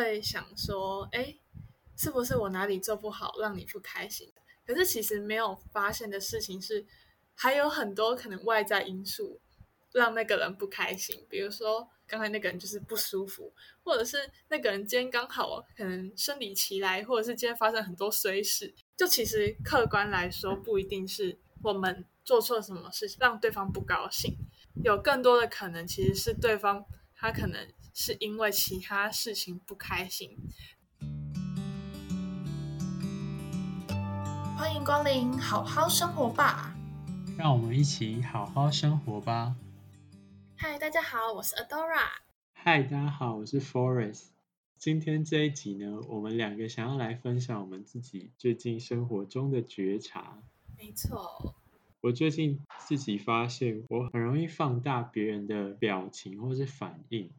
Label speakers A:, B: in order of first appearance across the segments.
A: 會想說，哎，是不是我哪裡做不好讓你不開心？可是其實沒有發現的事情是，還有很多可能外在因素讓那個人不開心。比如說，剛才那個人就是不舒服，或者是那個人今天剛好可能生理期來，或者是今天發生很多衰事。就其實客觀來說，不一定是我們做錯了什麼事情讓對方不高興。有更多的可能，其實是對方他可能。是因為其他事情不開心。歡迎光臨，好好生活吧！
B: 讓我們一起好好生活吧。
A: 嗨，大家好，我是 Adora。
B: 嗨，大家好，我是 Forest。今天這一集呢，我們兩個想要來分享我們自己最近生活中的覺察。
A: 沒錯。
B: 我最近自己發現，我很容易放大別人的表情或是反應。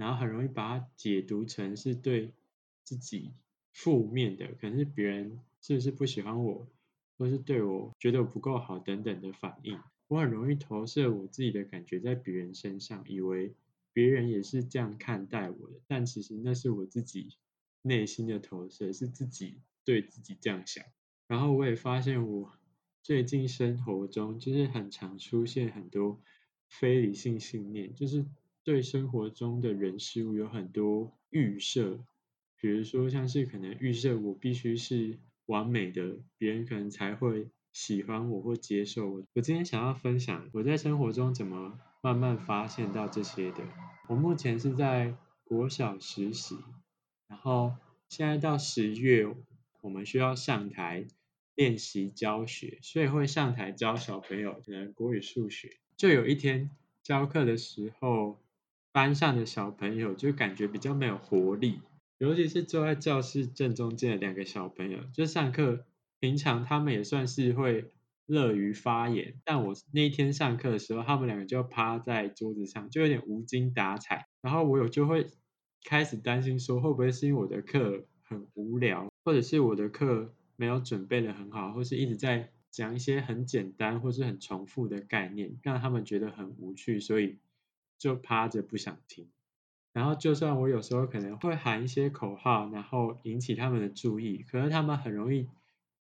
B: 然後很容易把它解讀成是對自己負面的，可能是別人是不是不喜歡我，或是對我覺得我不夠好等等的反應。我很容易投射我自己的感覺在別人身上，以為別人也是這樣看待我的，但其實那是我自己內心的投射，是自己對自己這樣想。然後我也發現我最近生活中就是很常出現很多非理性信念，就是對生活中的人事物有很多預設，比如說像是可能預設我必須是完美的，別人可能才會喜歡我或接受我。我今天想要分享我在生活中怎麼慢慢發現到這些的。我目前是在國小實習，然後現在到十月，我們需要上台練習教學，所以會上台教小朋友的國語數學。就有一天教課的時候，班上的小朋友就感覺比較沒有活力，尤其是坐在教室正中間的兩個小朋友，就上課平常他們也算是會樂於發言，但我那一天上課的時候，他們兩個就趴在桌子上，就有點無精打采。然後我有就會開始擔心說，會不會是因為我的課很無聊，或者是我的課沒有準備得很好，或是一直在講一些很簡單或是很重複的概念，讓他們覺得很無趣，所以。就趴着不想聽，然後就算我有時候可能會喊一些口號，然後引起他們的注意，可是他們很容易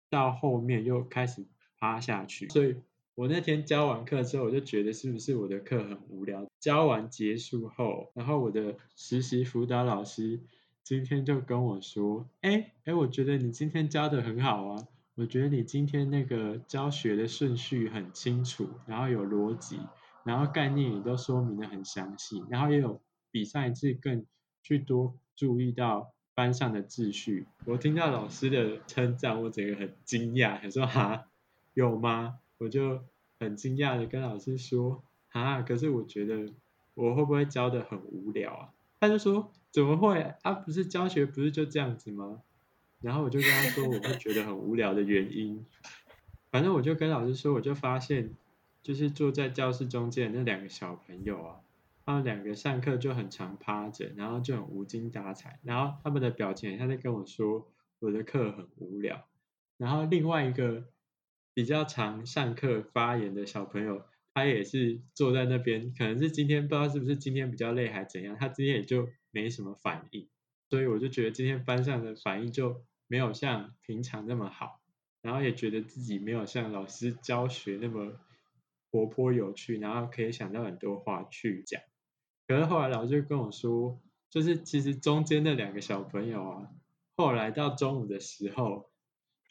B: 到後面又開始趴下去。所以我那天教完課之後，我就覺得是不是我的課很無聊？教完結束後，然後我的實習輔導老師今天就跟我說：“哎哎，我覺得你今天教得很好啊，我覺得你今天那個教學的順序很清楚，然後有邏輯。”然後概念也都說明的很詳細，然後也有比上一次更去多注意到班上的秩序。我聽到老師的稱讚，我整個很驚訝，他說哈？有嗎？我就很驚訝的跟老師說哈，可是我覺得我會不會教的很無聊啊？他就說怎麼會啊，不是教學不是就這樣子嗎？然後我就跟他說，我會覺得很無聊的原因，反正我就跟老師說，我就發現。就是坐在教室中間的那兩個小朋友啊，他們兩個上課就很常趴着，然後就很無精打采，然後他們的表情好像在跟我說我的課很無聊。然後另外一個比較常上課發言的小朋友，他也是坐在那邊，可能是今天不知道是不是今天比較累還怎樣，他今天也就沒什麼反應，所以我就覺得今天班上的反應就沒有像平常那麼好，然後也覺得自己沒有像老師教學那麼。活潑有趣，然後可以想到很多話去講。可是後來老師就跟我說，就是其實中間那兩個小朋友啊，後來到中午的時候，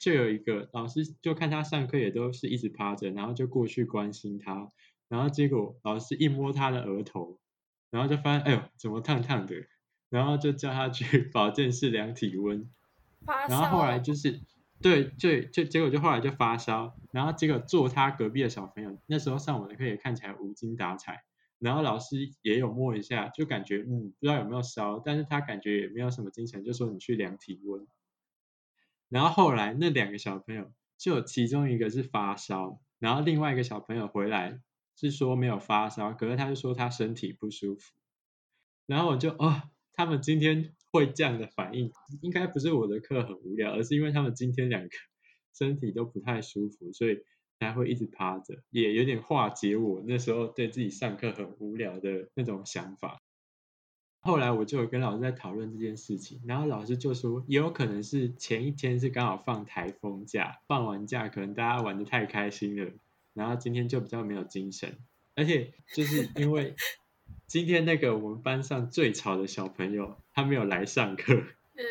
B: 就有一個老師就看他上課也都是一直趴着，然後就過去關心他，然後結果老師一摸他的額頭，然後就發現哎呦怎麼燙燙的，然後就叫他去保健室量體溫，
A: 然後後來就
B: 是。對，對，就就結果就後來就發燒，然後結果坐他隔壁的小朋友那時候上我的課也看起來無精打采，然後老師也有摸一下，就感覺嗯，不知道有沒有燒，但是他感覺也沒有什麼精神，就說你去量體溫。然後後來那兩個小朋友，就有其中一個是發燒，然後另外一個小朋友回來是說沒有發燒，可是他就說他身體不舒服，然後我就哦。他們今天會這樣的反應，應該不是我的課很無聊，而是因為他們今天兩個身體都不太舒服，所以才會一直趴着，也有點化解我那時候對自己上課很無聊的那種想法。後來我就有跟老師在討論這件事情，然後老師就說，也有可能是前一天是剛好放颱風假，放完假可能大家玩得太開心了，然後今天就比較沒有精神，而且就是因為。今天那個我們班上最吵的小朋友，他沒有來上課。嗯，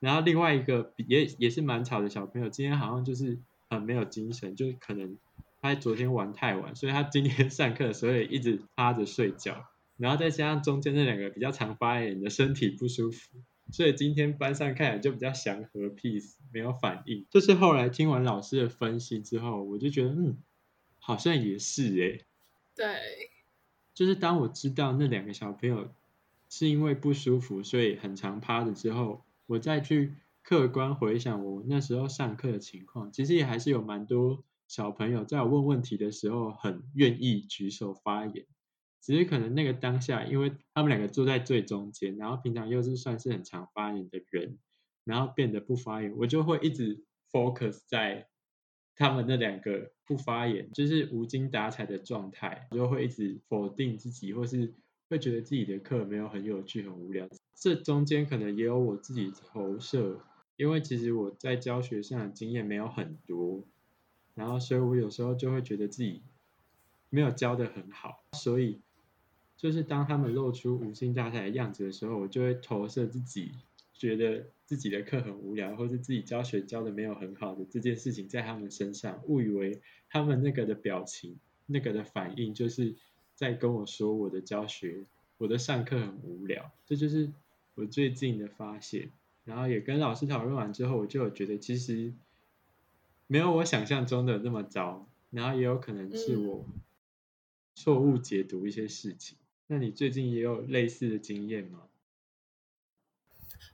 B: 然後另外一個也也是蠻吵的小朋友，今天好像就是很沒有精神，就可能他昨天玩太晚，所以他今天上課的時候也一直趴着睡覺。然後再加上中間那兩個比較常發言的，身體不舒服，所以今天班上看起來就比較祥和 peace，沒有反應。就是後來聽完老師的分析之後，我就覺得嗯，好像也是哎、欸，
A: 對。
B: 就是當我知道那兩個小朋友是因為不舒服，所以很常趴的時候，我再去客觀回想我那時候上課的情況，其實也還是有蠻多小朋友在我問問題的時候很願意舉手發言，只是可能那個當下，因為他們兩個坐在最中間，然後平常又是算是很常發言的人，然後變得不發言，我就會一直 focus 在。他們那兩個不發言，就是無精打采的狀態，就會一直否定自己，或是會覺得自己的課沒有很有趣、很無聊。這中間可能也有我自己投射，因為其實我在教學上的經驗沒有很多，然後所以我有時候就會覺得自己沒有教得很好。所以，就是當他們露出無精打采的樣子的時候，我就會投射自己。覺得自己的課很無聊，或是自己教學教的沒有很好的這件事情，在他們身上誤以為他們那個的表情、那個的反應，就是在跟我說我的教學、我的上課很無聊。這就是我最近的發現。然後也跟老師討論完之後，我就有覺得其實沒有我想象中的那麼糟。然後也有可能是我錯誤解讀一些事情。那你最近也有類似的經驗嗎？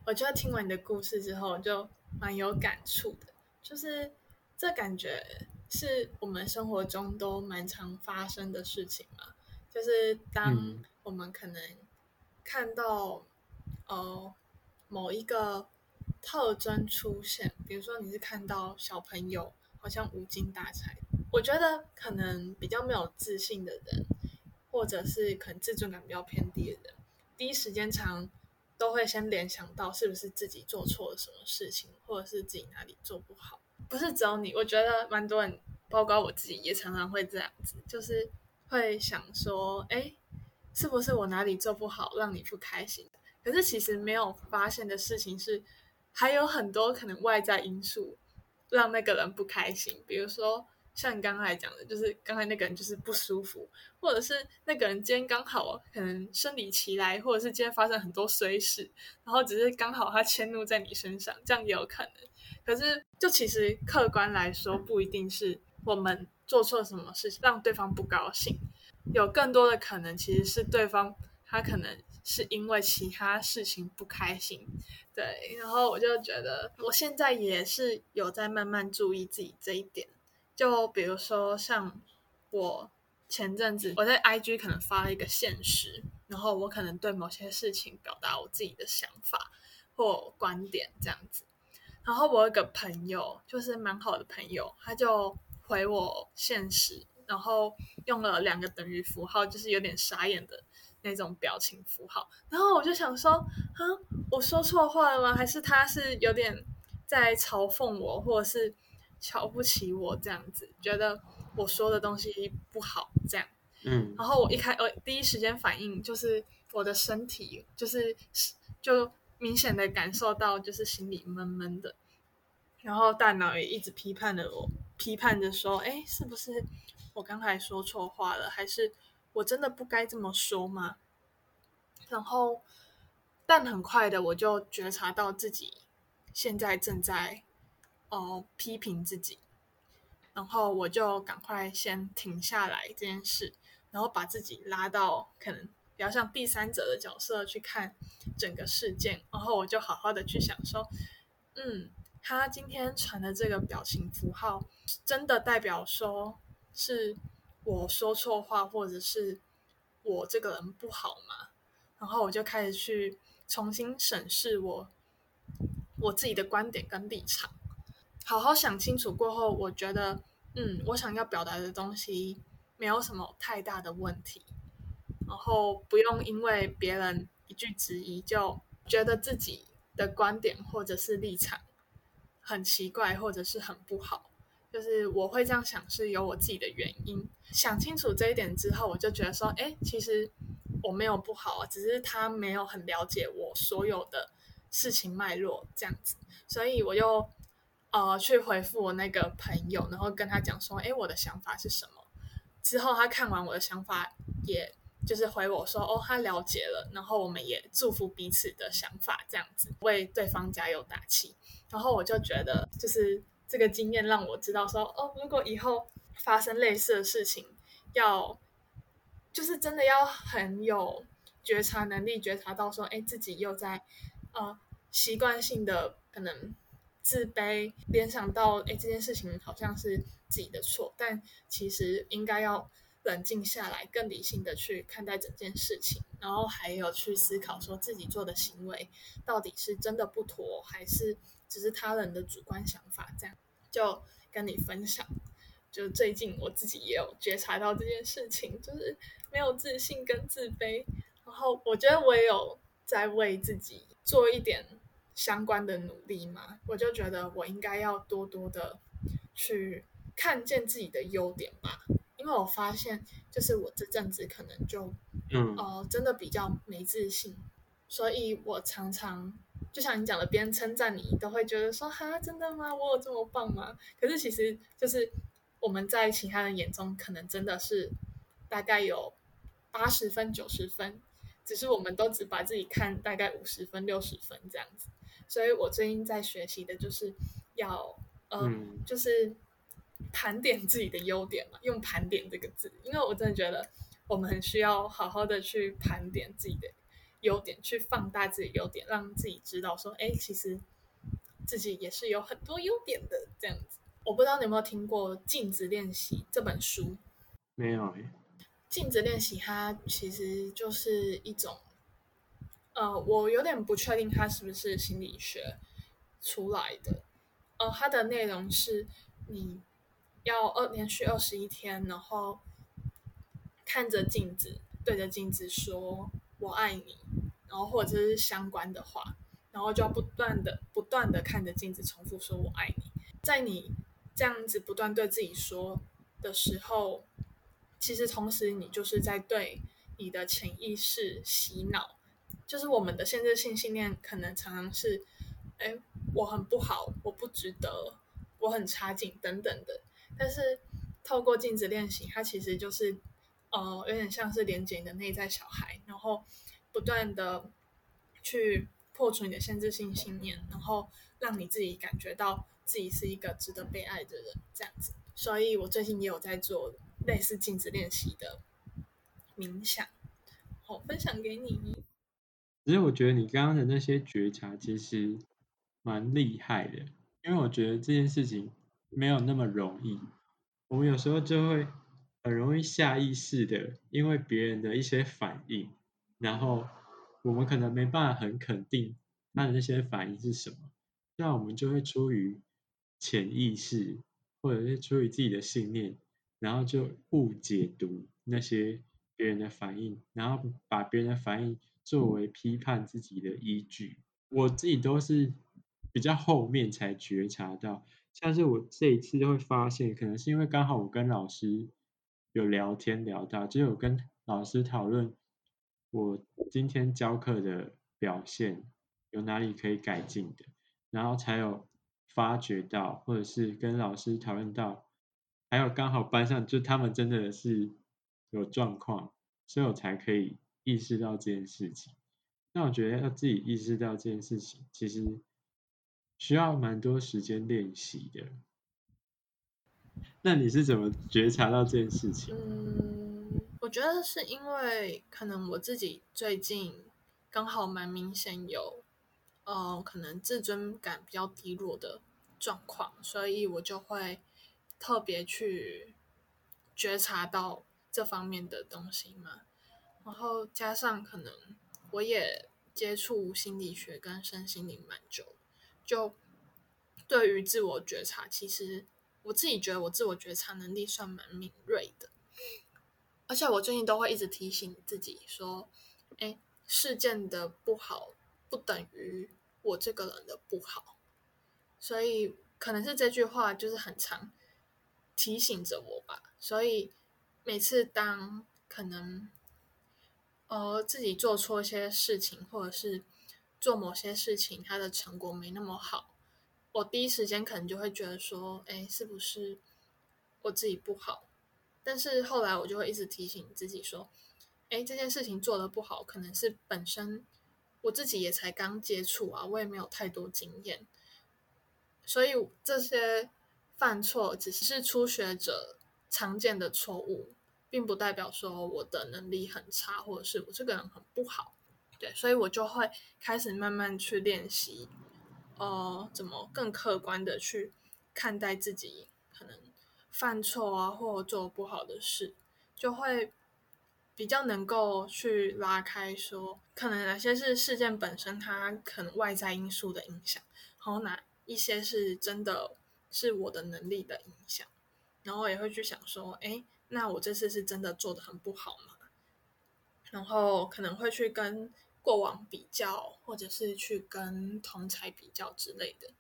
A: 我就聽完你的故事之後，就蠻有感觸的。就是這感覺是我們生活中都蠻常發生的事情嘛。就是當我們可能看到哦、呃、某一個特徵出現，比如說你是看到小朋友好像無精打采，我覺得可能比較沒有自信的人，或者是可能自尊感比較偏低的人，第一時間長。都會先聯想到是不是自己做錯了什麼事情，或者是自己哪裡做不好？不是只有你，我覺得蠻多人，包括我自己，也常常會這樣子，就是會想說，誒，是不是我哪裡做不好讓你不開心？可是其實沒有發現的事情是，還有很多可能外在因素讓那個人不開心，比如說。像你剛才講的，就是剛才那個人就是不舒服，或者是那個人今天剛好可能生理期來，或者是今天發生很多衰事，然後只是剛好他遷怒在你身上，這樣也有可能。可是，就其實客觀來說，不一定是我們做錯什麼事情讓對方不高興，有更多的可能其實是對方他可能是因為其他事情不開心。對，然後我就覺得我現在也是有在慢慢注意自己這一點。就比如說，像我前陣子我在 IG 可能發了一個現實，然後我可能對某些事情表達我自己的想法或觀點這樣子。然後我有一個朋友，就是蠻好的朋友，他就回我現實，然後用了兩個等於符號，就是有點傻眼的那種表情符號。然後我就想說，啊，我說錯話了嗎？還是他是有點在嘲諷我，或者是？瞧不起我這樣子，覺得我說的東西不好這樣，嗯，然後我一開，我第一時間反應就是我的身體就是就明顯的感受到就是心裡悶悶的，然後大腦也一直批判着我，批判着說，哎，是不是我剛才說錯話了？還是我真的不該這麼說嗎？然後，但很快的我就覺察到自己現在正在。哦，批評自己，然後我就趕快先停下來這件事，然後把自己拉到可能比較像第三者的角色去看整個事件，然後我就好好的去想說，嗯，他今天傳的這個表情符號真的代表說是我說錯話，或者是我這個人不好嗎？然後我就開始去重新審視我我自己的觀點跟立場。好好想清楚過後，我覺得，嗯，我想要表達的東西沒有什麼太大的問題，然後不用因為別人一句質疑，就覺得自己的觀點或者是立場很奇怪或者是很不好。就是我會這樣想，是有我自己的原因。想清楚這一點之後，我就覺得說，誒，其實我沒有不好啊，只是他沒有很了解我所有的事情脈絡這樣子，所以我又。呃，去回復我那個朋友，然後跟他講說，哎，我的想法是什麼。之後他看完我的想法，也就是回我說，哦，他了解了。然後我們也祝福彼此的想法，這樣子為對方加油打氣。然後我就覺得，就是這個經驗讓我知道說，哦，如果以後發生類似的事情，要就是真的要很有覺察能力，覺察到說，哎，自己又在呃習慣性的可能。自卑聯想到，哎、欸，這件事情好像是自己的錯，但其實應該要冷靜下來，更理性的去看待整件事情，然後還有去思考，說自己做的行為到底是真的不妥，還是只是他人的主觀想法？這樣就跟你分享，就最近我自己也有覺察到這件事情，就是沒有自信跟自卑，然後我覺得我也有在為自己做一點。相關的努力嘛，我就覺得我應該要多多的去看見自己的優點吧，因為我發現就是我這陣子可能就，嗯哦、呃，真的比較沒自信，所以我常常就像你講的，別人稱讚你，你都會覺得說哈，真的嗎？我有這麼棒嗎？可是其實就是我們在其他人眼中，可能真的是大概有八十分、九十分，只是我們都只把自己看大概五十分、六十分這樣子。所以我最近在學習的就是要，呃、嗯，就是盤點自己的優點嘛。用“盤點”這個字，因為我真的覺得我們很需要好好的去盤點自己的優點，去放大自己的優點，讓自己知道說，哎、欸，其實自己也是有很多優點的。這樣子，我不知道你有沒有聽過《鏡子練習》這本書？
B: 沒有誒、欸，
A: 《鏡子練習》它其實就是一種。呃，我有點不確定它是不是心理學出來的。呃，它的內容是你要二，連續二十一天，然後看着鏡子，對着鏡子說“我愛你”，然後或者是相關的話，然後就要不斷的不斷的看着鏡子，重複說“我愛你”。在你這樣子不斷對自己說的時候，其實同時你就是在對你的潛意識洗腦。就是我們的限制性信念，可能常常是：哎，我很不好，我不值得，我很差勁，等等的。但是透過鏡子練習，它其實就是，呃，有點像是連接你的內在小孩，然後不斷的去破除你的限制性信念，然後讓你自己感覺到自己是一個值得被愛的人，這樣子。所以我最近也有在做類似鏡子練習的冥想，好、哦、分享給你。
B: 其實我覺得你剛剛的那些覺察其實蠻厲害的，因為我覺得這件事情沒有那麼容易。我們有時候就會很容易下意識的，因為別人的一些反應，然後我們可能沒辦法很肯定他的那些反應是什麼，這樣我們就會出於潛意識或者是出於自己的信念，然後就誤解讀那些別人的反應，然後把別人的反應作為批判自己的依據，我自己都是比較後面才覺察到。像是我這一次就會發現，可能是因為剛好我跟老師有聊天聊到，就有跟老師討論我今天教課的表現有哪裡可以改進的，然後才有發覺到，或者是跟老師討論到，還有剛好班上就他們真的是有狀況，所以我才可以。意識到這件事情，那我覺得要自己意識到這件事情，其實需要蠻多時間練習的。那你是怎麼覺察到這件事情？嗯，
A: 我覺得是因為可能我自己最近剛好蠻明顯有，呃，可能自尊感比較低落的狀況，所以我就會特別去覺察到這方面的東西嘛。然後加上，可能我也接觸心理學跟身心靈蠻久，就對於自我覺察，其實我自己覺得我自我覺察能力算蠻敏銳的。而且我最近都會一直提醒自己說：“哎，事件的不好不等於我這個人的不好。”所以可能是這句話就是很常提醒着我吧。所以每次當可能。呃、哦，自己做錯一些事情，或者是做某些事情，它的成果沒那麼好，我第一時間可能就會覺得說，哎，是不是我自己不好？但是後來我就會一直提醒自己說，哎，這件事情做得不好，可能是本身我自己也才剛接觸啊，我也沒有太多經驗，所以這些犯錯只是初學者常見的錯誤。並不代表說我的能力很差，或者是我這個人很不好，對，所以我就會開始慢慢去練習，呃，怎麼更客觀的去看待自己可能犯錯啊，或做不好的事，就會比較能夠去拉開說，可能哪些是事件本身它可能外在因素的影響，然後哪一些是真的是我的能力的影響，然後我也會去想說，哎。那我這次是真的做得很不好嘛？然後可能會去跟過往比較，或者是去跟同儕比較之類的，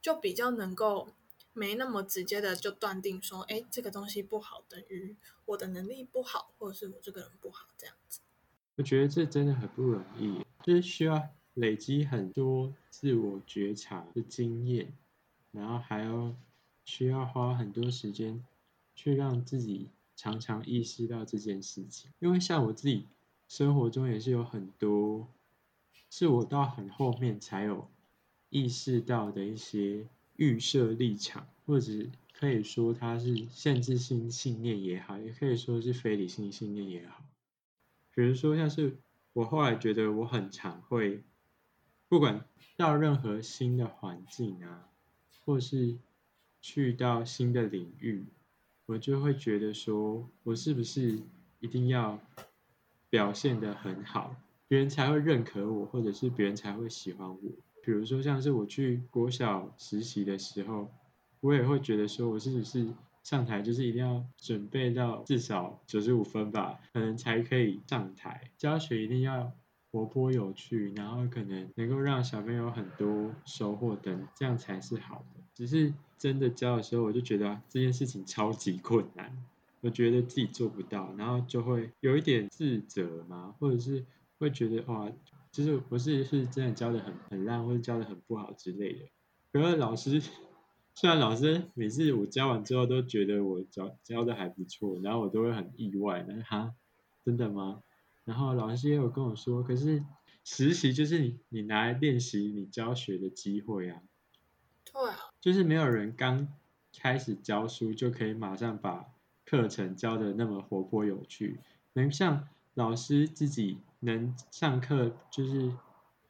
A: 就比較能夠沒那麼直接的就斷定說，哎、欸，這個東西不好等於我的能力不好，或者是我這個人不好這樣子。
B: 我覺得這真的很不容易，就是需要累積很多自我覺察的經驗，然後還要需要花很多時間去讓自己。常常意識到這件事情，因為像我自己生活中也是有很多，是我到很後面才有意識到的一些預設立場，或者可以說它是限制性信念也好，也可以說是非理性信念也好。比如說像是我後來覺得我很常會，不管到任何新的環境啊，或是去到新的領域。我就會覺得說，我是不是一定要表現得很好，別人才會認可我，或者是別人才會喜歡我？比如說像是我去國小實習的時候，我也會覺得說，我是不是上台就是一定要準備到至少九十五分吧，可能才可以上台教學，一定要活潑有趣，然後可能能夠讓小朋友很多收穫等，這樣才是好的。只是。真的教的時候，我就覺得啊，這件事情超級困難，我覺得自己做不到，然後就會有一點自責嘛，或者是會覺得哇，就是不是是真的教的很很爛，或者教的很不好之類的。可是老師，雖然老師每次我教完之後都覺得我教教的還不錯，然後我都會很意外，那哈，真的嗎？然後老師也有跟我說，可是實習就是你你拿來練習你教學的機會啊。
A: 對啊。
B: 就是沒有人剛開始教書就可以馬上把課程教得那麼活潑有趣，能像老師自己能上課就是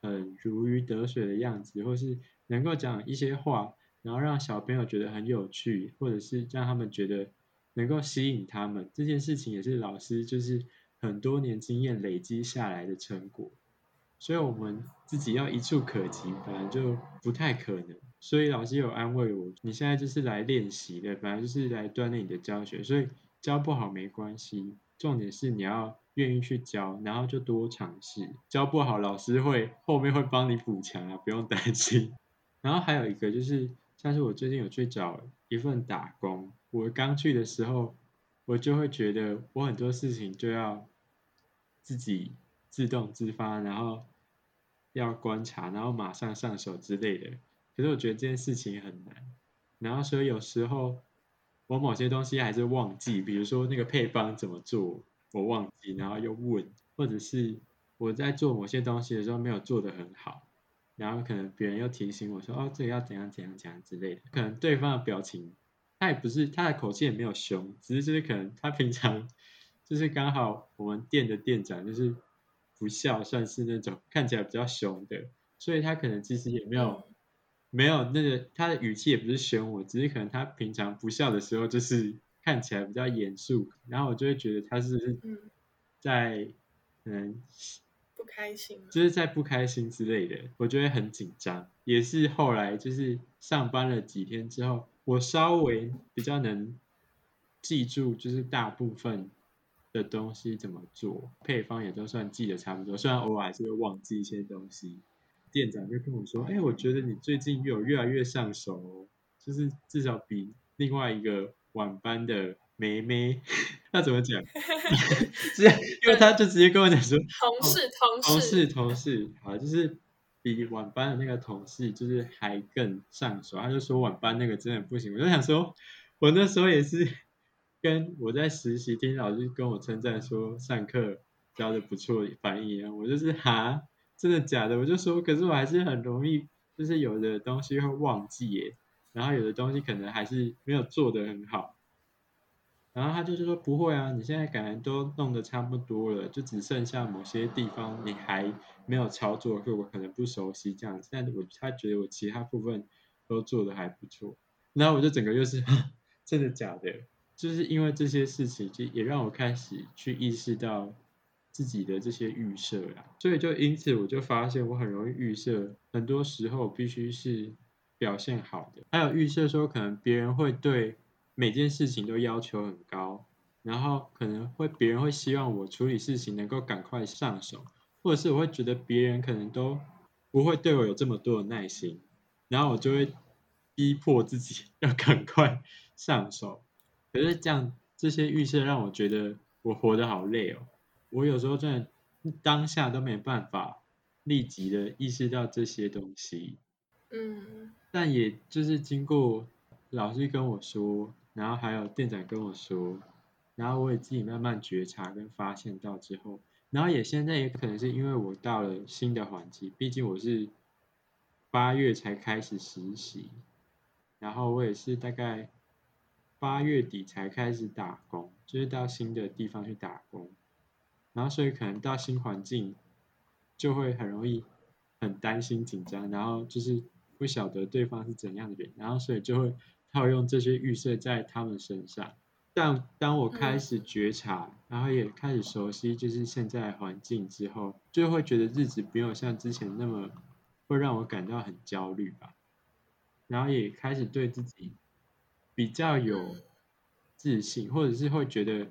B: 很如魚得水的樣子，或是能夠講一些話，然後讓小朋友覺得很有趣，或者是讓他們覺得能夠吸引他們，這件事情也是老師就是很多年經驗累積下來的成果，所以我們自己要一蹴可幾，本來就不太可能。所以老師有安慰我，你現在就是來練習的，本來就是來鍛鍊你的教學，所以教不好沒關係，重點是你要願意去教，然後就多嘗試，教不好老師會後面會幫你補強啊，不用擔心。然後還有一個就是，像是我最近有去找一份打工，我剛去的時候，我就會覺得我很多事情就要自己自動自發，然後要觀察，然後馬上上手之類的。可是我覺得這件事情很難，然後所以有時候我某些東西還是忘記，比如說那個配方怎麼做，我忘記，然後又問，或者是我在做某些東西的時候沒有做的很好，然後可能別人又提醒我說，哦，這個要怎樣怎樣怎樣之類的。可能對方的表情他也不是，他的口氣也沒有兇，只是就是可能他平常就是剛好我們店的店長就是不笑，算是那種看起來比較兇的，所以他可能其實也沒有。沒有那個，他的語氣也不是兇我，只是可能他平常不笑的時候就是看起來比較嚴肅，然後我就會覺得他是在，在、嗯、可能
A: 不開心，
B: 就是在不開心之類的，我就會很緊張。也是後來就是上班了幾天之後，我稍微比較能記住，就是大部分的東西怎麼做，配方也都算記得差不多，雖然偶爾還是會忘記一些東西。店長就跟我說：“哎、欸，我覺得你最近越有越來越上手，哦，就是至少比另外一個晚班的妹妹，那怎麼講？ 因為他就直接跟我講說，同事，同事，哦，同事，同事，好，就是比晚班的那個同事就是還更上手。他就說晚班那個真的不行。我就想說，我那時候也是跟我在實習，聽老師跟我稱讚說上課教的不錯，反應啊，我就是哈。”真的假的？我就說，可是我還是很容易，就是有的東西會忘記耶，然後有的東西可能還是沒有做得很好。然後他就是說不會啊，你現在感覺都弄得差不多了，就只剩下某些地方你還沒有操作，所以我可能不熟悉這樣子。但我他覺得我其他部分都做得還不錯，然後我就整個就是呵呵真的假的，就是因為這些事情就也讓我開始去意識到。自己的這些預設啊，所以就因此我就發現我很容易預設，很多時候必須是表現好的，還有預設說可能別人會對每件事情都要求很高，然後可能會別人會希望我處理事情能夠趕快上手，或者是我會覺得別人可能都不會對我有這麼多的耐心，然後我就會逼迫自己要趕快上手，可是這樣這些預設讓我覺得我活得好累哦。我有時候真的當下都沒辦法立即的意識到這些東西，嗯，但也就是經過老師跟我說，然後還有店長跟我說，然後我也自己慢慢覺察跟發現到之後，然後也現在也可能是因為我到了新的環境，畢竟我是八月才開始實習，然後我也是大概八月底才開始打工，就是到新的地方去打工。然後，所以可能到新環境就會很容易很擔心緊張，然後就是不曉得對方是怎樣的人，然後所以就會套用這些預設在他們身上。但當我開始覺察，然後也開始熟悉，就是現在環境之後，就會覺得日子沒有像之前那麼會讓我感到很焦慮吧。然後也開始對自己比較有自信，或者是會覺得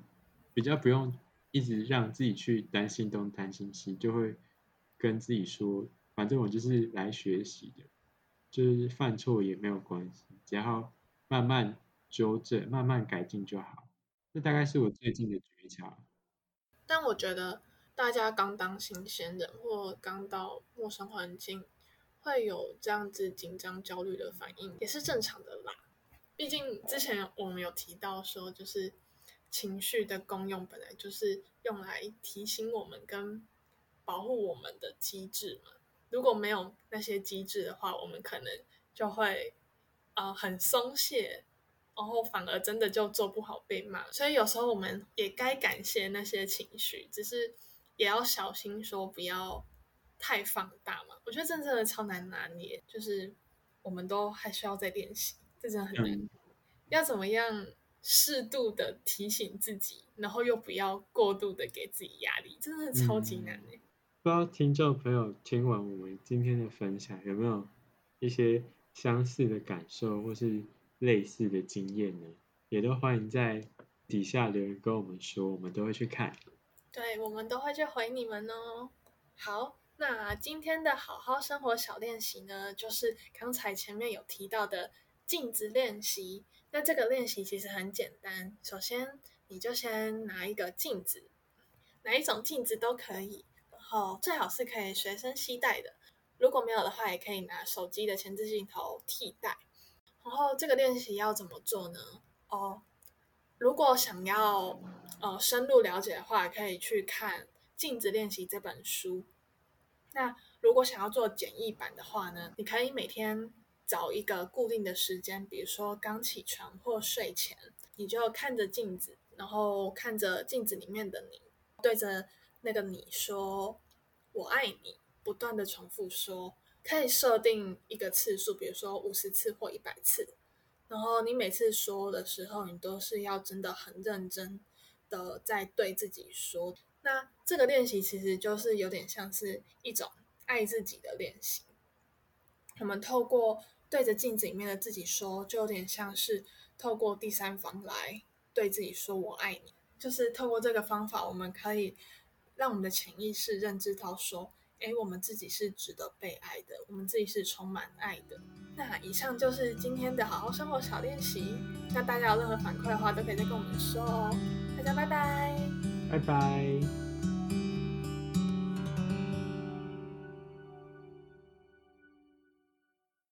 B: 比較不用。一直讓自己去擔心東擔心西，就會跟自己說，反正我就是來學習的，就是犯錯也沒有關係，只要慢慢糾正、慢慢改進就好。這大概是我最近的覺察。
A: 但我覺得大家剛當新鮮人或剛到陌生環境，會有這樣子緊張、焦慮的反應，也是正常的啦。畢竟之前我們有提到說，就是。情緒的功用本來就是用來提醒我們跟保護我們的機制嘛。如果沒有那些機制的話，我們可能就會呃很鬆懈，然後反而真的就做不好被罵。所以有時候我們也該感謝那些情緒，只是也要小心說不要太放大嘛。我覺得真的真的超難拿捏，就是我們都還需要再練習，這真的很難。嗯。要怎麼樣？適度的提醒自己，然後又不要過度的給自己壓力，真的超級難
B: 耶，嗯。不知道聽眾朋友聽完我們今天的分享，有沒有一些相似的感受或是類似的經驗呢？也都歡迎在底下留言跟我們說，我們都會去看。
A: 對，我們都會去回你們哦。好，那今天的好好生活小練習呢，就是剛才前面有提到的鏡子練習。那這個練習其實很簡單，首先你就先拿一個鏡子，哪一種鏡子都可以，然後最好是可以隨身攜帶的，如果沒有的話，也可以拿手機的前置鏡頭替代。然後這個練習要怎麼做呢？哦，如果想要呃、哦、深入了解的話，可以去看《鏡子練習》這本書。那如果想要做簡易版的話呢，你可以每天，找一個固定的時間，比如說剛起床或睡前，你就看着鏡子，然後看着鏡子裡面的你，對着那個你說“我愛你”，不斷的重複說，可以設定一個次數，比如說五十次或一百次。然後你每次說的時候，你都是要真的很認真的在對自己說。那這個練習其實就是有點像是一種愛自己的練習。我們透過對着鏡子裡面的自己說，就有點像是透過第三方來對自己說“我愛你”。就是透過這個方法，我們可以讓我們的潛意識認知到說，哎，我們自己是值得被愛的，我們自己是充滿愛的。那以上就是今天的好好生活小練習。那大家有任何反饋的話，都可以再跟我們說哦。大家拜拜，
B: 拜拜。